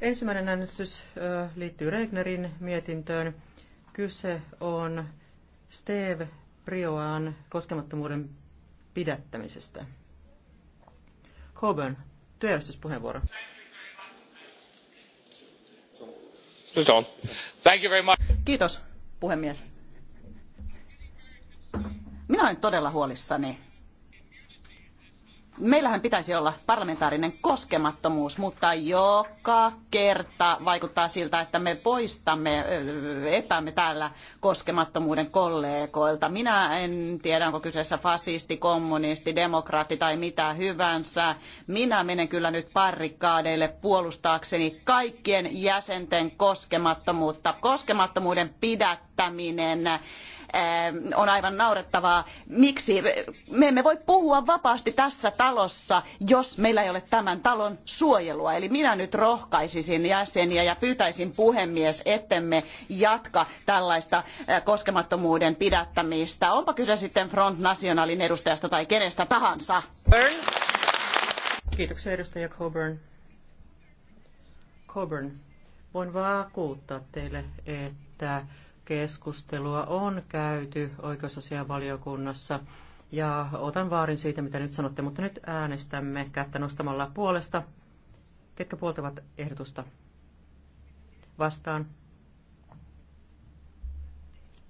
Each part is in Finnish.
Ensimmäinen äänestys liittyy Regnerin mietintöön. Kyse on Steve Prioan koskemattomuuden pidättämisestä. Coburn, työjärjestyspuheenvuoro. Kiitos, puhemies. Minä olen todella huolissani meillähän pitäisi olla parlamentaarinen koskemattomuus, mutta joka kerta vaikuttaa siltä, että me poistamme, epäämme täällä koskemattomuuden kollegoilta. Minä en tiedä, onko kyseessä fasisti, kommunisti, demokraatti tai mitä hyvänsä. Minä menen kyllä nyt parrikkaadeille puolustaakseni kaikkien jäsenten koskemattomuutta. Koskemattomuuden pidättäminen Ähm, on aivan naurettavaa. Miksi me emme voi puhua vapaasti tässä talossa, jos meillä ei ole tämän talon suojelua? Eli minä nyt rohkaisisin jäseniä ja pyytäisin puhemies, ettemme jatka tällaista äh, koskemattomuuden pidättämistä. Onpa kyse sitten Front Nationalin edustajasta tai kenestä tahansa. Burn. Kiitoksia edustaja Coburn. Coburn, voin vakuuttaa teille, että keskustelua on käyty oikeusasianvaliokunnassa ja otan vaarin siitä, mitä nyt sanotte, mutta nyt äänestämme kättä nostamalla puolesta. Ketkä puoltavat ehdotusta? Vastaan.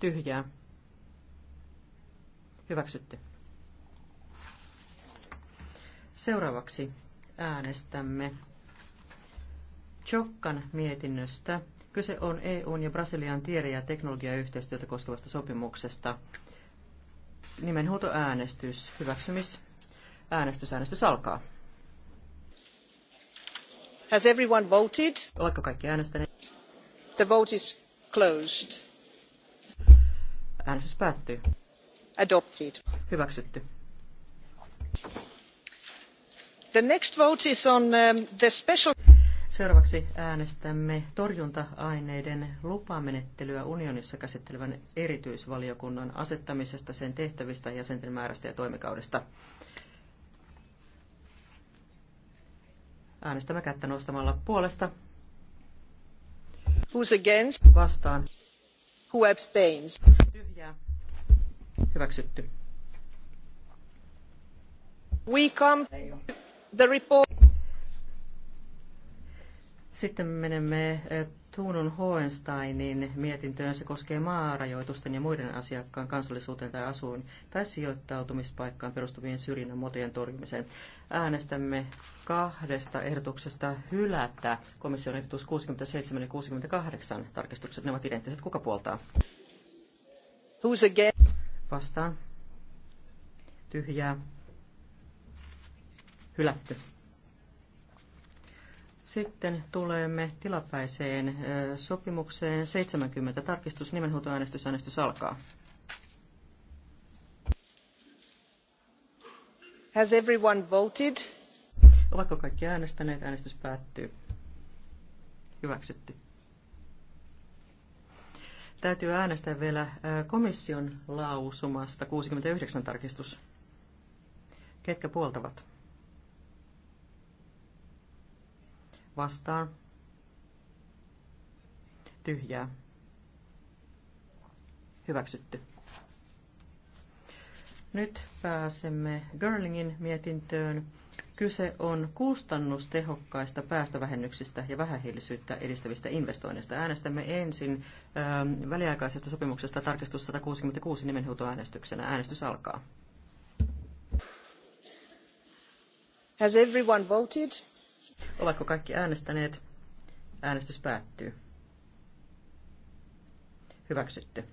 Tyhjää. Hyväksytty. Seuraavaksi äänestämme Chokkan mietinnöstä Kyse on EUn ja Brasilian tiede- ja teknologiayhteistyötä koskevasta sopimuksesta. Nimenhuutoäänestys, hyväksymis, äänestys, äänestys alkaa. Has everyone voted? Oletko kaikki äänestäneet? The vote is closed. Äänestys päättyy. Adopted. Hyväksytty. The next vote is on um, the special Seuraavaksi äänestämme torjunta-aineiden lupamenettelyä unionissa käsittelevän erityisvaliokunnan asettamisesta, sen tehtävistä, jäsenten määrästä ja toimikaudesta. Äänestämme kättä nostamalla puolesta. Who's against? Vastaan. Who abstains? Tyhjää. Hyväksytty. We come the report. Sitten menemme eh, Tuunun Hohensteinin mietintöön. Se koskee maarajoitusten ja muiden asiakkaan kansallisuuteen tai asuin tai sijoittautumispaikkaan perustuvien syrjinnän muotojen torjumiseen. Äänestämme kahdesta ehdotuksesta hylätä komission ehdotus 67 ja 68 tarkistukset. Ne ovat identtiset. Kuka puoltaa? Who's again? Vastaan. Tyhjää. Hylätty. Sitten tulemme tilapäiseen sopimukseen 70. Tarkistus, nimenhuutoäänestys, äänestys alkaa. Has everyone voted? Ovatko kaikki äänestäneet? Äänestys päättyy. Hyväksytty. Täytyy äänestää vielä komission lausumasta 69 tarkistus. Ketkä puoltavat? vastaan tyhjää hyväksytty. Nyt pääsemme Görlingin mietintöön. Kyse on kustannustehokkaista päästövähennyksistä ja vähähiilisyyttä edistävistä investoinneista. Äänestämme ensin ö, ähm, väliaikaisesta sopimuksesta tarkistus 166 nimenhuutoäänestyksenä. Äänestys alkaa. Has everyone voted? Ovatko kaikki äänestäneet? Äänestys päättyy. Hyväksytty.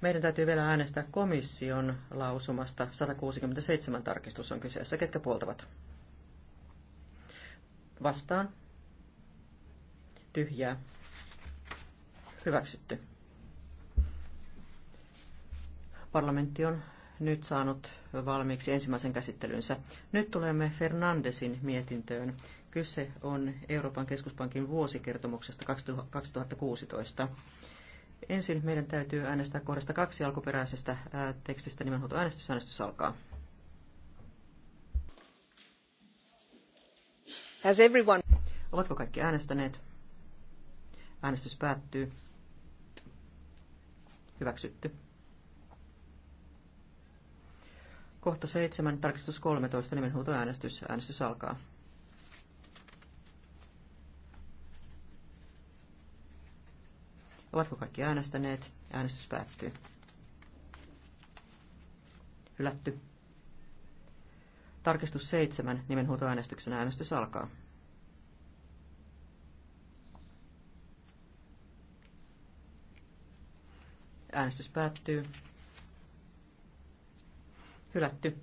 Meidän täytyy vielä äänestää komission lausumasta. 167 tarkistus on kyseessä. Ketkä puoltavat? Vastaan. Tyhjää. Hyväksytty. Parlamentti on nyt saanut valmiiksi ensimmäisen käsittelynsä. Nyt tulemme Fernandesin mietintöön. Kyse on Euroopan keskuspankin vuosikertomuksesta 2016. Ensin meidän täytyy äänestää kohdasta kaksi alkuperäisestä ää, tekstistä äänestys, Äänestys alkaa. Has everyone... Ovatko kaikki äänestäneet? Äänestys päättyy. Hyväksytty. Kohta seitsemän tarkistus 13, nimenhuutoäänestys. Äänestys alkaa. Ovatko kaikki äänestäneet? Äänestys päättyy. Hylätty. Tarkistus 7, nimenhuutoäänestyksen äänestys alkaa. Äänestys päättyy. Hylätty.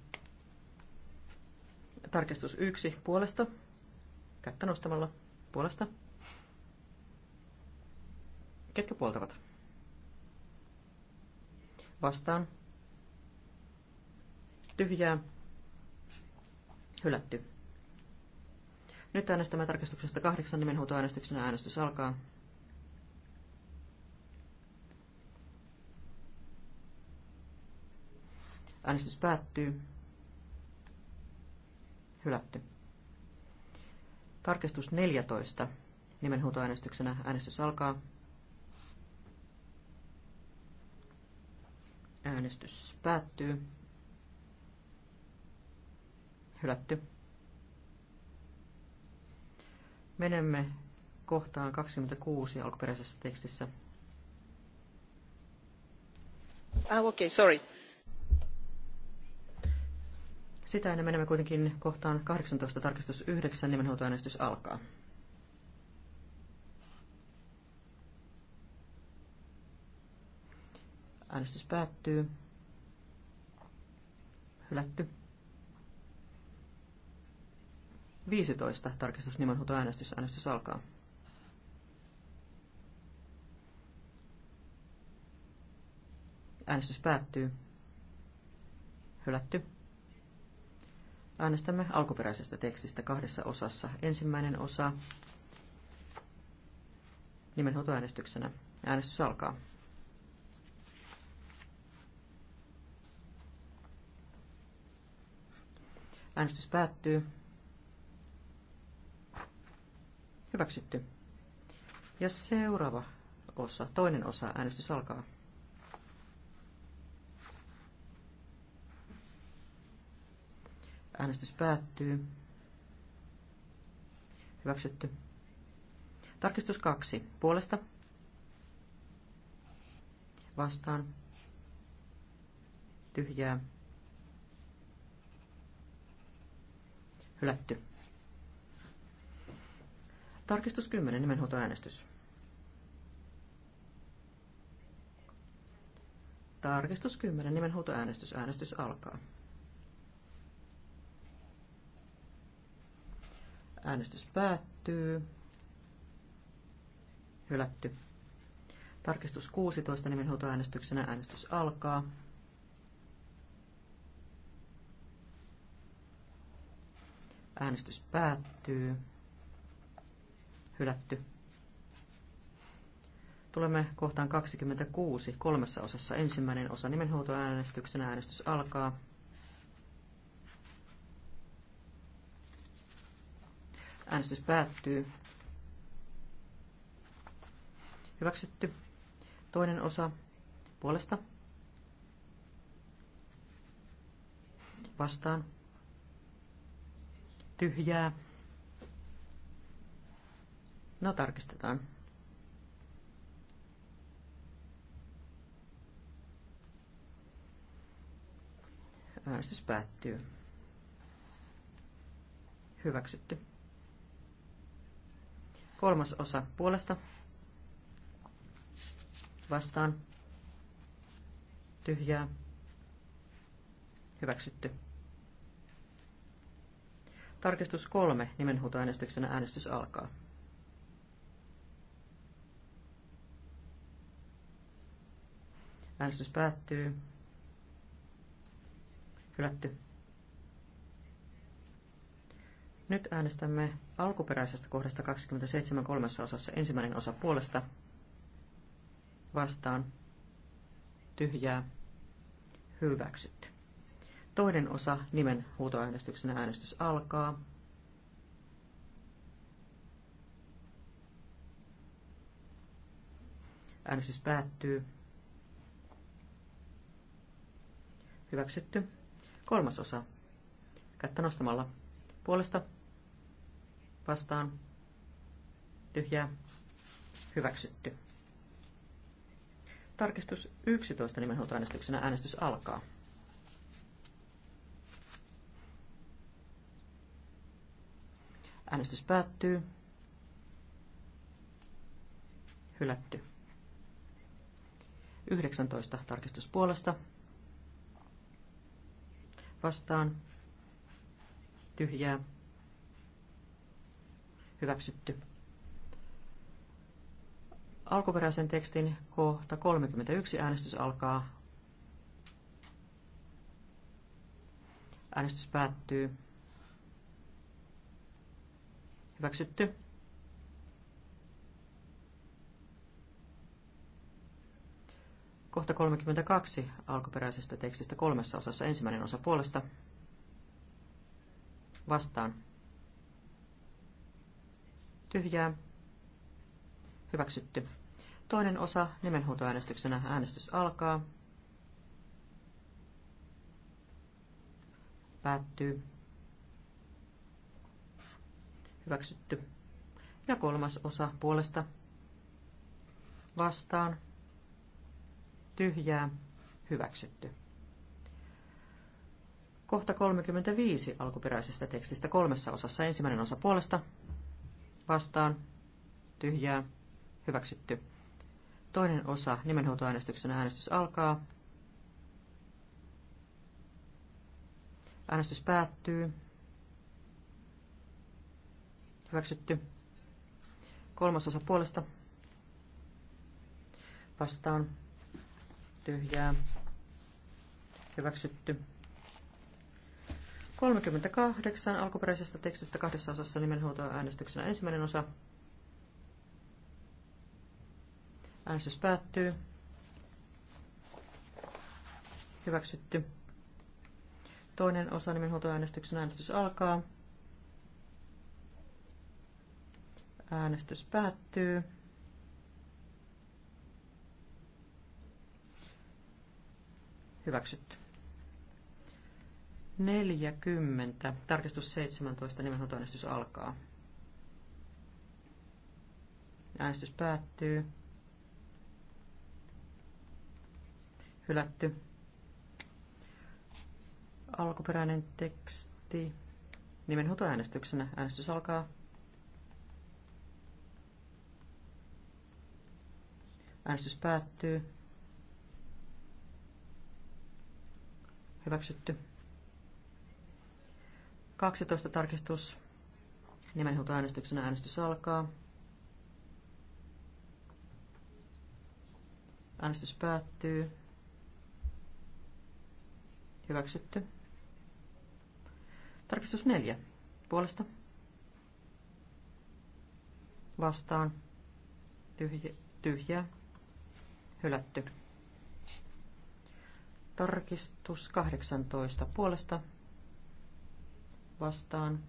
Tarkistus yksi puolesta. Kättä nostamalla puolesta. Ketkä puoltavat? Vastaan. Tyhjää. Hylätty. Nyt äänestämme tarkistuksesta kahdeksan nimenhuutoäänestyksenä äänestys alkaa. Äänestys päättyy. Hylätty. Tarkistus 14. Nimenhuutoäänestyksenä äänestys alkaa. Äänestys päättyy. Hylätty. Menemme kohtaan 26 alkuperäisessä tekstissä. Ah, okay, sorry. Sitä ennen menemme kuitenkin kohtaan 18 tarkistus 9, nimenhuoltoäänestys alkaa. Äänestys päättyy. Hylätty. 15. Tarkistus nimenhuutoäänestys. Äänestys alkaa. Äänestys päättyy. Hylätty. Äänestämme alkuperäisestä tekstistä kahdessa osassa. Ensimmäinen osa nimenhoitoäänestyksenä. Äänestys alkaa. Äänestys päättyy. Hyväksytty. Ja seuraava osa, toinen osa, äänestys alkaa. Äänestys päättyy. Hyväksytty. Tarkistus kaksi. Puolesta. Vastaan. Tyhjää. Hylätty. Tarkistus 10. Nimenhuoltoäänestys. Tarkistus 10. Nimenhuutoäänestys. Äänestys alkaa. Äänestys päättyy. Hylätty. Tarkistus 16 nimenhuutoäänestyksenä. Äänestys alkaa. Äänestys päättyy. Hylätty. Tulemme kohtaan 26 kolmessa osassa. Ensimmäinen osa nimenhuutoäänestyksenä. Äänestys alkaa. Äänestys päättyy. Hyväksytty. Toinen osa puolesta. Vastaan. Tyhjää. No tarkistetaan. Äänestys päättyy. Hyväksytty. Kolmas osa puolesta. Vastaan. Tyhjää. Hyväksytty. Tarkistus kolme nimenhuutoäänestyksenä äänestys alkaa. Äänestys päättyy. Hylätty. Nyt äänestämme alkuperäisestä kohdasta 27 kolmessa osassa ensimmäinen osa puolesta vastaan tyhjää hyväksytty. Toinen osa nimen huutoäänestyksenä äänestys alkaa. Äänestys päättyy. Hyväksytty. Kolmas osa. Kättä nostamalla. Puolesta vastaan tyhjää hyväksytty. Tarkistus 11 nimenhuutoäänestyksenä äänestys alkaa. Äänestys päättyy. Hylätty. 19 tarkistuspuolesta. Vastaan. Tyhjää hyväksytty. Alkuperäisen tekstin kohta 31 äänestys alkaa. Äänestys päättyy. Hyväksytty. Kohta 32 alkuperäisestä tekstistä kolmessa osassa ensimmäinen osa puolesta. Vastaan tyhjää, hyväksytty. Toinen osa nimenhuutoäänestyksenä äänestys alkaa. Päättyy. Hyväksytty. Ja kolmas osa puolesta. Vastaan. Tyhjää. Hyväksytty. Kohta 35 alkuperäisestä tekstistä kolmessa osassa. Ensimmäinen osa puolesta vastaan, tyhjää, hyväksytty. Toinen osa nimenhuutoäänestyksen äänestys alkaa. Äänestys päättyy. Hyväksytty. Kolmas osa puolesta. Vastaan. Tyhjää. Hyväksytty. 38 alkuperäisestä tekstistä kahdessa osassa nimenhuutoa äänestyksenä ensimmäinen osa. Äänestys päättyy. Hyväksytty. Toinen osa äänestyksenä äänestys alkaa. Äänestys päättyy. Hyväksytty. 40. Tarkistus 17. äänestys alkaa. Äänestys päättyy. Hylätty. Alkuperäinen teksti. äänestyksenä. Äänestys alkaa. Äänestys päättyy. Hyväksytty. 12 tarkistus. Nimenhuutoäänestyksenä äänestys alkaa. Äänestys päättyy. Hyväksytty. Tarkistus 4. Puolesta. Vastaan. Tyhjä, tyhjää. Hylätty. Tarkistus 18. Puolesta vastaan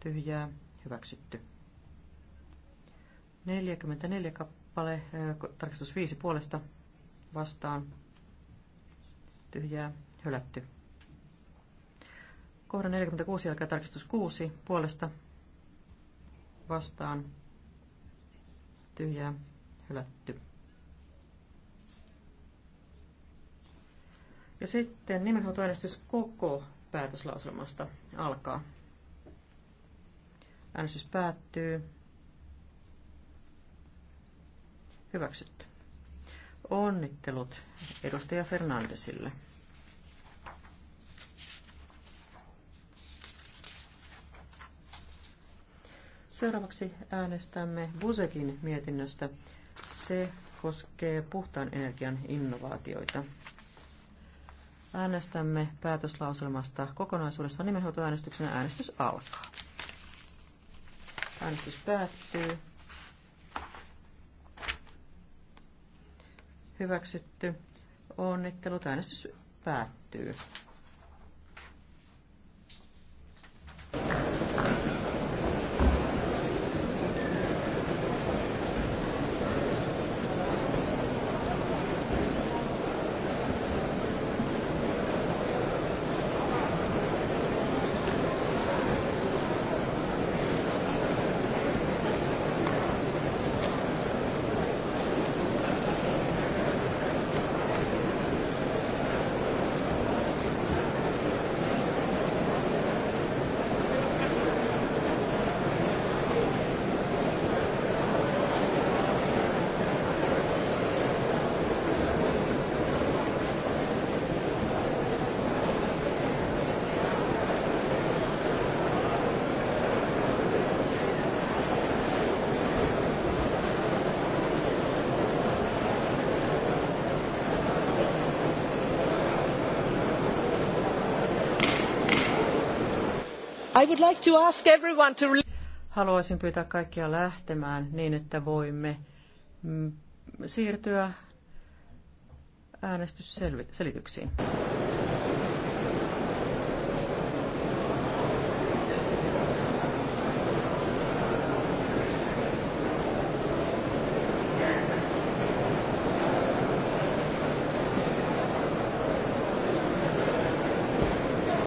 tyhjää hyväksytty. 44 kappale, äh, tarkistus 5 puolesta vastaan tyhjää hylätty. Kohdan 46 jälkeen tarkistus 6 puolesta vastaan tyhjää hylätty. Ja sitten nimenhuoltoäänestys koko päätöslauselmasta alkaa. Äänestys päättyy. Hyväksytty. Onnittelut edustaja Fernandesille. Seuraavaksi äänestämme Busekin mietinnöstä. Se koskee puhtaan energian innovaatioita. Äänestämme päätöslauselmasta kokonaisuudessaan nimenhoitoäänestyksenä. Äänestys alkaa. Äänestys päättyy. Hyväksytty. Onnittelut. Äänestys päättyy. Like to... Haluaisin pyytää kaikkia lähtemään niin, että voimme mm, siirtyä äänestysselityksiin.